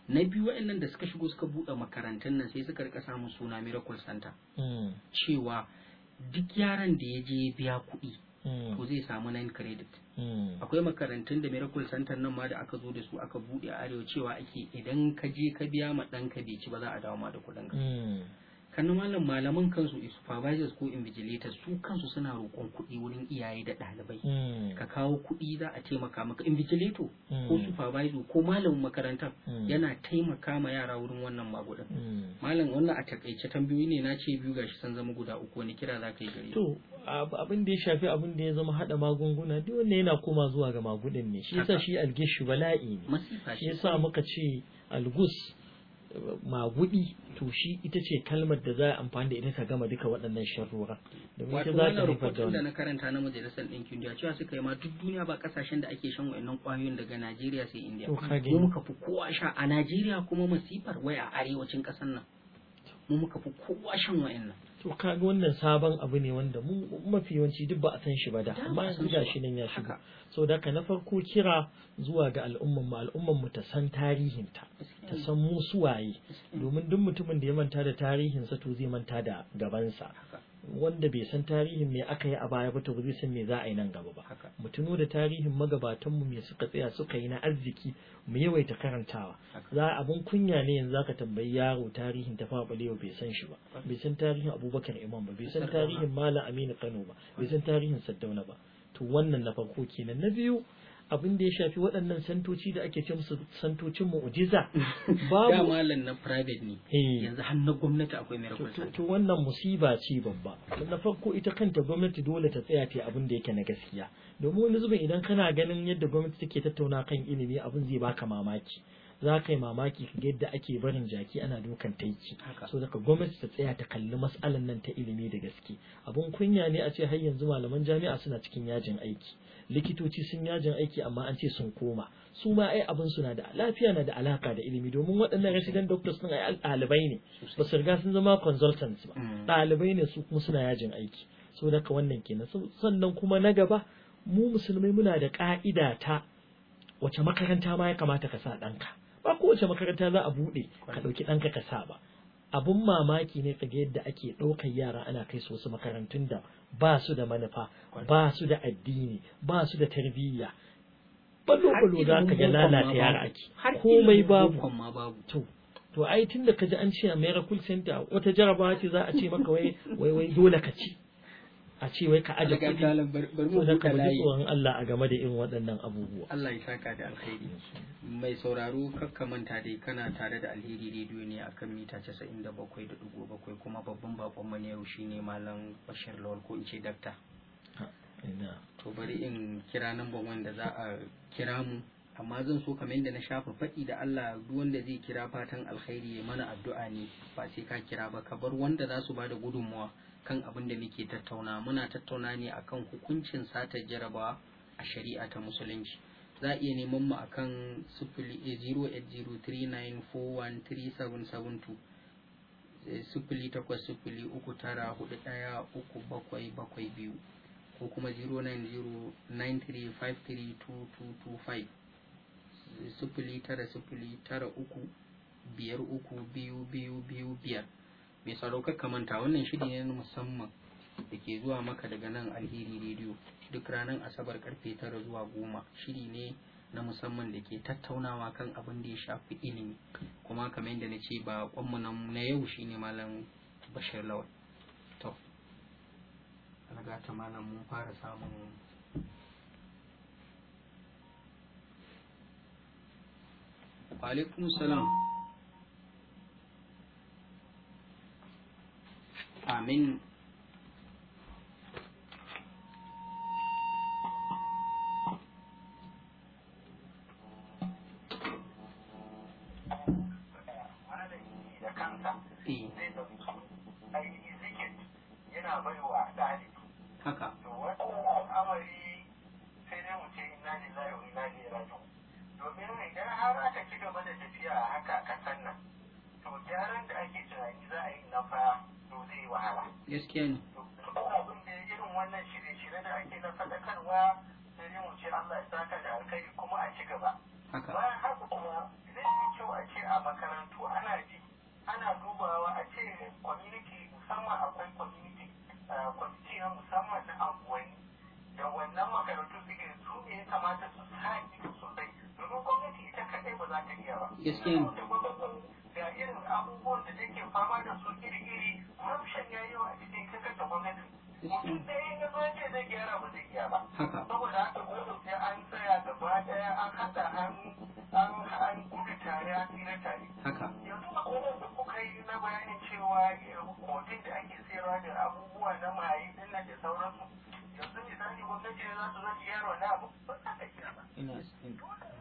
Speaker 1: na biyu waɗannan da suka shigo suka buɗe makarantun nan sai suka rika samun suna miracle center hmm. cewa duk yaran da ya je biya kuɗi hmm. to zai samu nine credit hmm. akwai makarantun da miracle center nan ma da aka zo da su aka buɗe a arewa cewa ake idan ka je ka biya ma ɗanka bai ci ba za a dawo ma da kuɗin ka kannu malam malaman kansu supervisors ko invigilators su kansu suna roƙon kuɗi wurin iyaye da ɗalibai
Speaker 3: hmm. ka
Speaker 1: kawo kuɗi za a taimaka maka invigilator hmm. ko supervisor ko malamin makaranta hmm. yana taimaka ma yara wurin wannan magudan malam wannan a takaice tambayoyi ne na ce biyu gashi san zama guda uku wani kira za ka yi gare to
Speaker 2: abin da ya shafi abin da ya zama hada magunguna duk wanda yana koma zuwa ga magudan ne shi yasa shi algishu bala'i ne shi yasa muka ce algus magudi to shi ita ce kalmar da za a amfani da ita ta gama duka waɗannan sharrura domin ita za ta rufa da wani. na
Speaker 1: karanta na majalisar ɗinkin duniya cewa suka yi ma duk duniya ba kasashen da ake shan wayannan ƙwayoyin daga Najeriya sai India mu muka fi kowa sha a Najeriya kuma masifar wai a arewacin
Speaker 2: ƙasar nan mu muka fi kowa shan wayannan to kaga wannan sabon abu ne wanda mu mafi yawanci duk ba a san shi ba da amma yanzu ga shi nan ya shiga so daka na farko kira zuwa ga al'umman mu al'umman mu ta san tarihin ta ta san mu suwaye domin duk mutumin da ya manta da tarihin sa to zai manta da gaban sa wanda bai san tarihin me aka yi a baya ba to ba zai san me za a yi nan gaba ba mu tuno da tarihin magabatan mu me suka tsaya suka yi na arziki mu yawaita karantawa za abun kunya ne yanzu zaka tambayi yaro tarihin tafafalewa bai san shi ba bai san tarihin Abubakar Imam ba bai san tarihin Malam Aminu Kano ba bai san tarihin Saddauna ba to wannan na farko kenan na biyu abin da ya shafi waɗannan santoci da ake ce musu santocin mu'jiza [LAUGHS] babu da
Speaker 1: malam na private ne
Speaker 2: eh. yanzu har na gwamnati akwai mai center to wannan musiba ce babba na farko ita kanta gwamnati dole ta tsaya ta abin da yake na gaskiya domin wani zubin idan kana ganin yadda gwamnati take tattauna kan ilimi abin zai baka mamaki za ka yi mamaki ka yadda ake barin jaki ana dukan taiki so daga gwamnati ta tsaya ta kalli matsalan nan ta ilimi da gaske abun kunya ne a ce har yanzu malaman jami'a suna cikin yajin aiki likitoci sun yajin aiki amma an ce sun koma su ma ai abin su na da lafiya na da alaka da ilimi domin waɗannan resident doctors sun ai ɗalibai ne ba su riga sun zama consultants ba mm. ɗalibai ne su kuma suna yajin aiki so daga wannan kenan sannan kuma na gaba mu musulmai muna da ƙa'ida ta wace makaranta ma ya kamata ka sa ɗanka ba kowace makaranta za a buɗe ka ɗauki ɗanka ka sa ba abun mamaki ne kaga yadda ake ɗaukar yara ana kai su wasu makarantun da ba su da manufa ba su da addini ba su da tarbiyya
Speaker 3: balo-balo za ka ga lalata yara ake komai babu
Speaker 2: to to ai tun da ka ji an ce a miracle center wata jarabawa ce za a ce maka wai wai dole ka ce. a ce wai ka aje kuɗi bari ka ji tsoron Allah a game da irin waɗannan abubuwa
Speaker 1: Allah ya saka da alheri mai sauraro kakka manta dai kana tare da alheri rediyo ne akan mita 97.7 kuma babban bakon mu ne yau shine malam Bashir Lawal ko in ce dakta to bari in kira nan wanda za a kira mu amma zan so kamar yadda na shafa faɗi da Allah duk wanda zai kira fatan alkhairi ya mana addu'a ne ba sai ka kira ba ka bar wanda za su bada gudunmawa kan abin da muke tattauna muna tattauna ne akan hukuncin sata jarabawa a shari'a ta musulunci za a iya neman mu akan 08039413772 eh, eh, sifili takwas sifili uku tara hudu daya uku bakwai bakwai biyu ko kuma 09093532225 sifili tara sifili tara uku biyar uku biyu biyu biyu biyar mai sadaukar kamanta wannan shiri ne na musamman da ke zuwa maka daga nan alheri rediyo duk ranar asabar karfe tara zuwa goma shiri ne na musamman da ke tattaunawa kan abin da ya shafi ilimi kuma kamar yadda na ce ba kwanmu na yau shine malam bashir lawal to ta malam mun fara samun alaikum salam amin eh.
Speaker 3: haka to wannan al'amari sai dai mu ce inna lillahi wa inna ilaihi raji'un domin idan har aka ci gaba da tafiya a haka a kasan nan to gyaran da ake tunani za a yi na fa to zai wahala gaskiya ne ko abin da irin wannan shirye-shirye da ake na sadakarwa sai dai mu ce Allah ya saka da alkai kuma a ci gaba bayan haka kuma zai yi kyau a ce a makarantu ana bi ana dubawa a ce community musamman akwai community kwamiti eh, na musamman na anguwanni da wannan makarantu suke su ne kamata su sa ido za ka iya ba. Gaskiya ne. Ga irin abubuwan da take fama da su iri-iri, corruption ya yi wa a cikin kakata gwamnati. Mutum da ya ce zai gyara ba zai iya Saboda haka sai an tsaya gaba ɗaya an haɗa an an an gudu tare an tsira tare. Haka. Yanzu a kowane da kuka yi na bayanin cewa eh, kotun da ake sayarwa da abubuwa na maye ɗin da sauransu. Yanzu misali gwamnati ne za su zo gyara wani abu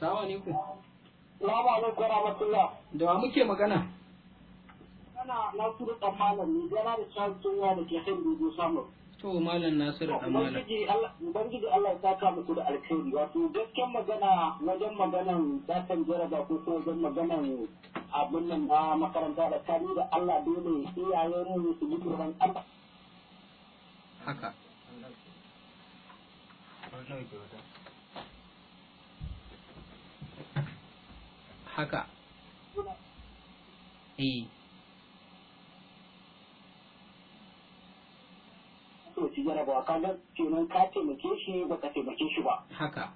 Speaker 1: Salamu alaikum. Salamu alaikum rahmatullah. Da wa muke magana? Kana Nasiru dan malam ne jana da shawarcin da ke dubu samu. To malam Nasiru dan Allah ya saka muku da alkhairi wato gasken magana wajen maganan datan jaraba ko wajen maganan abin nan na makaranta da kani da Allah dole iyayen mu su tsoron Allah. Haka. haka eh to ci jarabawa ka ga kenan ka taimake shi ba ka taimake shi ba haka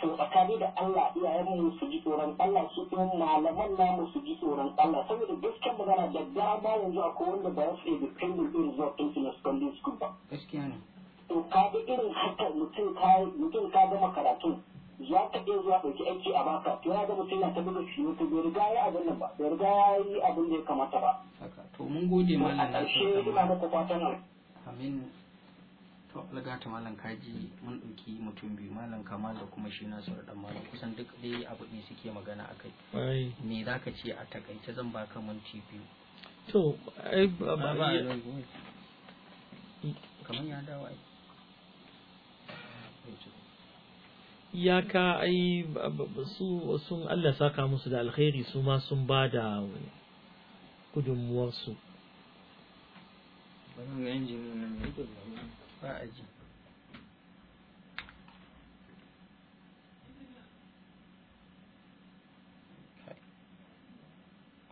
Speaker 1: to tsakani da Allah iyayenmu su ji tsoron Allah su ɗin malaman namu su ji tsoron Allah saboda gaskiyar magana da dama yanzu akwai wanda ba su yi dependent ɗin zuwa ɗin su na secondary school ba. Gaskiya ne. To ka ga irin haka mutum ka gama karatun ya ta iya zuwa ɗauki aiki a baka to ya ga mutum na ta buga shi to bai riga ya abin nan ba bai riga ya yi abin da ya kamata ba to mun gode malam na so ina maka nan amin to alga ta malam kaji mun ɗauki mutum biyu malam kamal da kuma shi sura dan malam kusan duk dai abu ne suke magana akai me zaka ce a takaice zan baka minti biyu
Speaker 3: to ai ba ba
Speaker 1: kamar ya dawo ai ah,
Speaker 2: iyaka ai su sun Allah saka musu da alkhairi su ma sun ba da gudunmuwarsu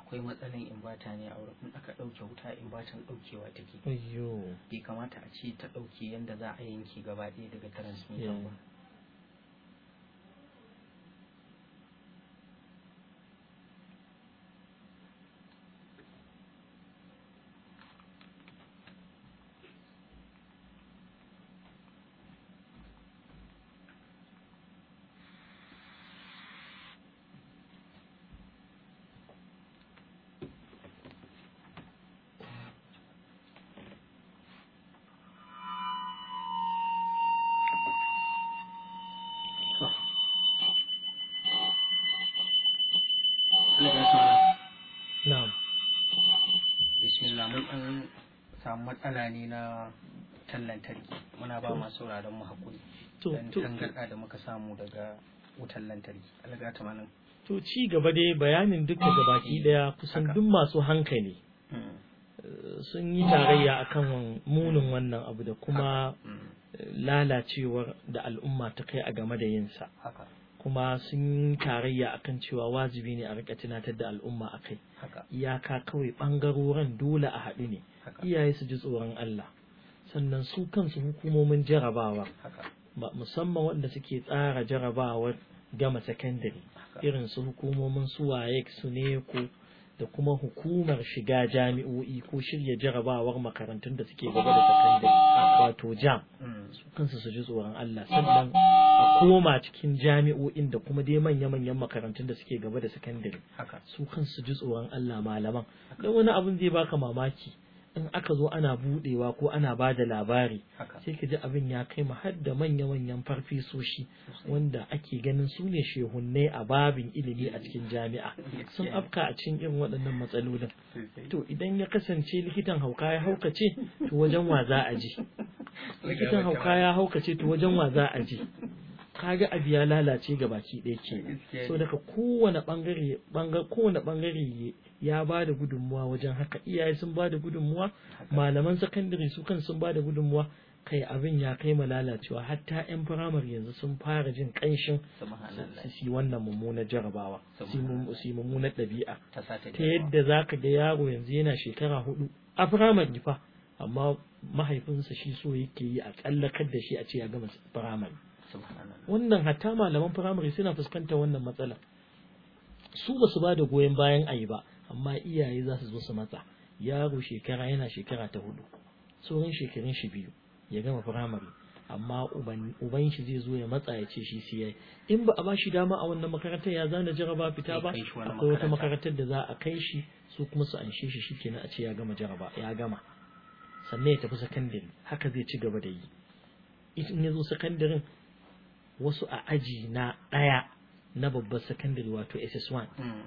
Speaker 1: akwai matsalan inbata ne a wurin aka ɗauke wuta inbatan ɗaukewa take bai kamata a ce ta ɗauke yadda za a yanke gaba ɗaya daga transmitter ba matsala ne na tallan lantarki muna ba masu sauraron mu hakuri don tangarɗa da muka samu daga wutan lantarki ta
Speaker 2: to ci gaba dai bayanin duka gabaki daya kusan duk masu hankali hmm. eh, sun yi tarayya akan munin wannan abu da kuma hmm. lalacewar da al'umma ta kai a game da yinsa kuma sun yi tarayya akan cewa wajibi ne a rika tunatar da al'umma akai iyaka kawai bangarorin dole a haɗu ne iyaye su ji tsoron Allah sannan su kansu hukumomin jarabawa musamman wanda suke tsara jarabawar gama sakandare irin su hukumomin su waye su ne ko da kuma hukumar shiga jami'o'i ko shirya jarabawar makarantun da suke gaba da sakandare wato jam mm. su kansu su ji tsoron Allah sannan
Speaker 3: a
Speaker 2: koma cikin jami'o'in da kuma dai manya-manyan makarantun da suke gaba da sakandare su kansu ji tsoron Allah malaman don wani abin zai baka mamaki in aka zo ana budewa ko ana ba da labari sai ka ji abin ya kai har da manya-manyan farfesoshi wanda ake ganin su ne shehunne a babin ilimi a cikin jami'a sun afka a cikin irin waɗannan matsalolin to idan ya kasance likitan hauka ya haukace to wajen wa za a je [LAUGHS] likitan hauka ya haukace to wajen wa za a je kaga abu ya lalace ga baki ɗaya ke so daga kowane bangare kowane bangare ya ba da gudunmuwa wajen haka iyaye sun ba da gudunmuwa malaman sakandare su kan sun ba da gudunmuwa kai abin ya kai ma lalacewa hatta yan firamare yanzu sun fara jin kanshin su wannan mummuna jarabawa su mummunar ɗabi'a ta yadda za ka ga yaro yanzu yana shekara hudu a firamare fa amma mahaifinsa shi so yake yi a tsallakar da shi a ce ya gama firamare wannan hatta malaman firamare suna fuskantar wannan matsala su ba su ba da goyon bayan ayi ba amma iyaye za su zo su matsa yaro shekara yana shekara ta hudu tsoron shekarun shi biyu ya gama firamare amma uban shi zai zo ya matsa ya ce shi siya in ba a ba shi dama a wannan makarantar ya zana jaraba fita ba akwai wata makarantar da za a kai shi su kuma su anshe shi shi kenan a ce ya gama jaraba ya gama sannan ya tafi sakandare haka zai ci gaba da yi in ya zo sakandaren? wasu a aji na ɗaya na babbar sakandare wato ss1 hmm.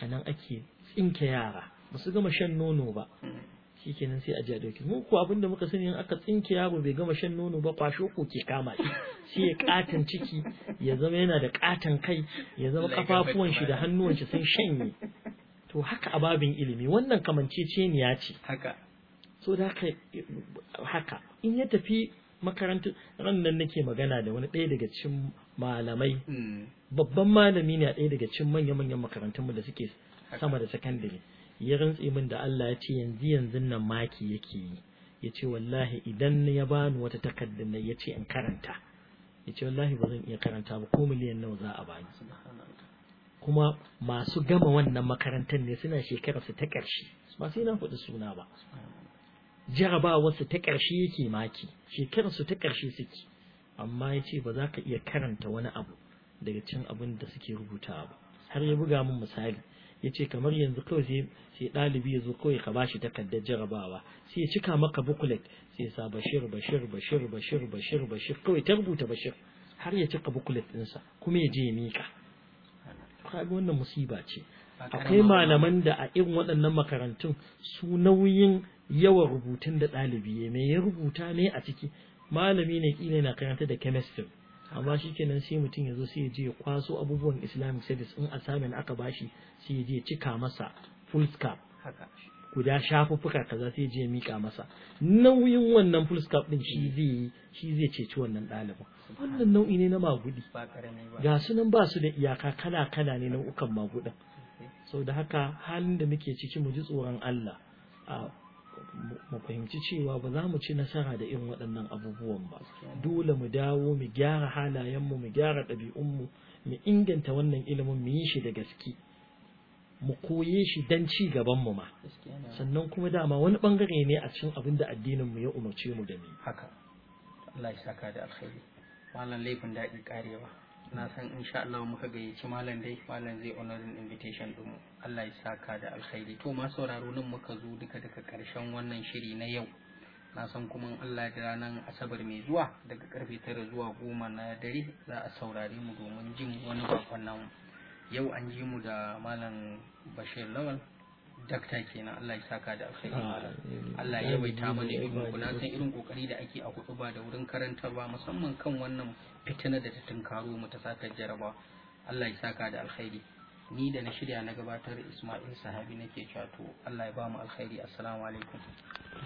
Speaker 2: a nan ake tsinke yara ba su gama shan nono ba hmm. shi kenan sai a ji a ɗauki mu ko abin da muka sani in aka tsinke yaro bai gama shan nono ba kwasho ko ke kama shi [LAUGHS] sai ya katan ciki ya zama yana da katan kai ya zama kafafuwan shi da hannuwan shi sun shanye to haka a babin ilimi wannan kamanceceniya ce haka so da haka in ya tafi makarantu ran nan nake magana da wani ɗaya daga cikin malamai hmm. babban malami ne a ɗaya daga cikin manya-manyan makarantunmu da suke sama da sakandare ya rantse min da Allah ya ce yanzu yanzu nan maki yake yi ya ce wallahi idan ya bani wata takardar ya ce in karanta ya ce wallahi ba zan iya karanta ba ko miliyan nawa za a bani kuma masu gama wannan makarantar ne suna shekarar su ta ƙarshe ba sai na faɗi suna ba su ta ƙarshe yake maki shekarsu ta ƙarshe suke amma ya ce ba za ka iya karanta wani abu daga cin abin da suke rubuta ba har ya buga min misali ya ce kamar yanzu kawai sai ɗalibi ya zo kawai ka bashi takardar jarabawa sai ya cika maka bukulet sai ya sa bashir bashir bashir bashir bashir bashir kawai ta rubuta bashir har ya cika bukulet ɗinsa kuma ya je ya miƙa kaga wannan musiba ce akwai malaman da a irin waɗannan makarantun su nauyin yawan rubutun da ɗalibi ya mai ya rubuta ne a ciki malami ne kila na karanta da chemistry amma shi kenan sai mutum ya zo sai ya je ya kwaso abubuwan islamic studies in assignment aka bashi sai ya je ya cika masa full scarf guda shafuffuka kaza sai ya je ya mika masa nauyin wannan full scarf din shi mm. zai shi zai ceci wannan ɗalibin wannan nau'i ne na magudi ga su nan ba su da iyaka kala kala ne nau'ukan magudin sau da haka halin da muke ciki mu ji tsoron Allah ah, mu fahimci cewa ba za mu ci nasara da irin waɗannan abubuwan ba dole mu dawo mu gyara halayenmu mu gyara ɗabi'unmu mu inganta wannan ilimin mu yi shi da gaske mu koye shi don ci gaban mu ma sannan kuma dama wani ɓangare ne a cikin abinda da addinin mu ya umarce mu da ni haka
Speaker 1: Allah ya saka da alkhairi malam laifin daɗi karewa na san insha Allah muka gayyaci malam dai malam zai honorin invitation din Allah ya saka da alkhairi to ma sauraro nan muka zo duka daga karshen wannan shiri na yau na san kuma Allah da ranar asabar mai zuwa daga karfe tara zuwa goma na dare za a saurare mu domin jin wani bakon nan yau an ji mu da malam Bashir Lawal dakta kenan Allah ya saka da alkhairi Allah ya waita mana irin kuna san irin kokari da ake a hudu ba da wurin ba musamman kan wannan fitina da ta tunkaro mu ta saka jaraba Allah ya saka da alkhairi ni da na shirya na gabatar Ismail Sahabi
Speaker 3: nake cewa to Allah ya ba mu alkhairi assalamu alaikum